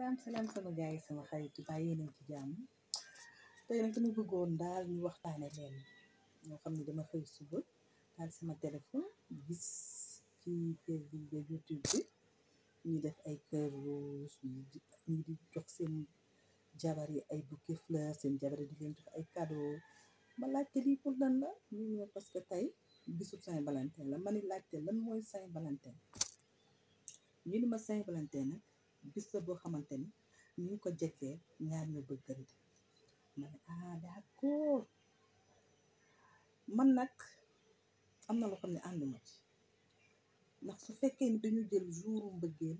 salam salam sama gars sama xarit ba bàyyi ci jamm tey nag dama bëggoon daal ñu waxtaane leen ñoo xam ne dama xëy suba dal sama telephone gis ci Facebook bi YouTube bi def ay kër rose ñu di jox seen jabar yi ay bouquet fleurs seen jabar yi di leen jox ay cadeau ma laajte lii pour lan la ñu ne parce que tay bisu Saint Valentin la ma ni laajte lan mooy Saint Valentin ñu ni ma Saint Valentin nag bis la boo xamante ni ñu ngi ko jekkee ñaar ñu bëggante ma ne ah, man nag am na loo xam ne ànduma ci ndax su fekkee ni dañu jël jouru mbëggeel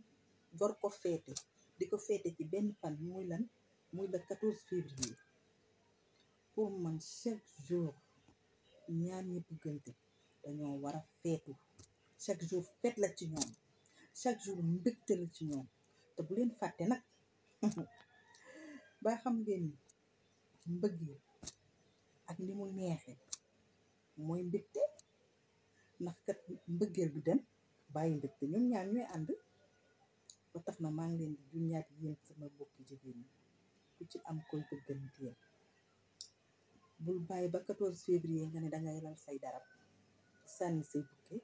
war ko feete di ko feete ci benn pan muy lan muy le 14 février pour man chaque jour ñaar ñi bëggante dañoo war a feetu chaque jour feet la ci ñoom chaque jour mbégte la ci ñoom te bu leen fàtte nag ba xam ngeen ni mbëggeel ak ni mu neexee mooy mbégte ndax kat mbëggeel du dem bàyyi mbégte ñoom ñaar ñooy ànd ba tax na maa ngi leen di juñaat yéen sama bokki jigéen ku ci am koy bëgganteel bul bàyyi ba 14 février nga ne dangay lal say darab sànni say bukke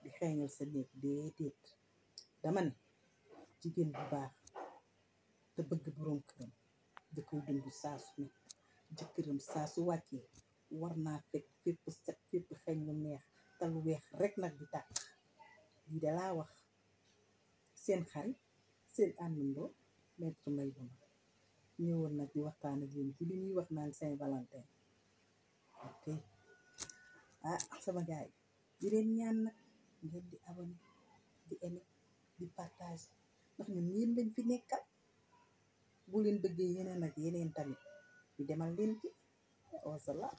di xeeñal sa néeg déedéet dama ne jigen bu baax te bëgg borom këram da koy dund saa su ne jëkkëram saa su wàccee war naa fekk fépp set fépp xeñ lu neex te lu weex rek nag di tàkk lii da laa wax seen xarit seen àndandoo maître may buna ñëwoon nag di waxtaan ak yéen ci li ñuy wax naan Saint Valentin ok ah sama gaay yi di leen ñaan nag ngeen di abonné di aimé di partage ndax ñun yéen lañ fi nekkal bu leen bëggee yeneen ak yeneen tamit ñu demal leen ci wasalaam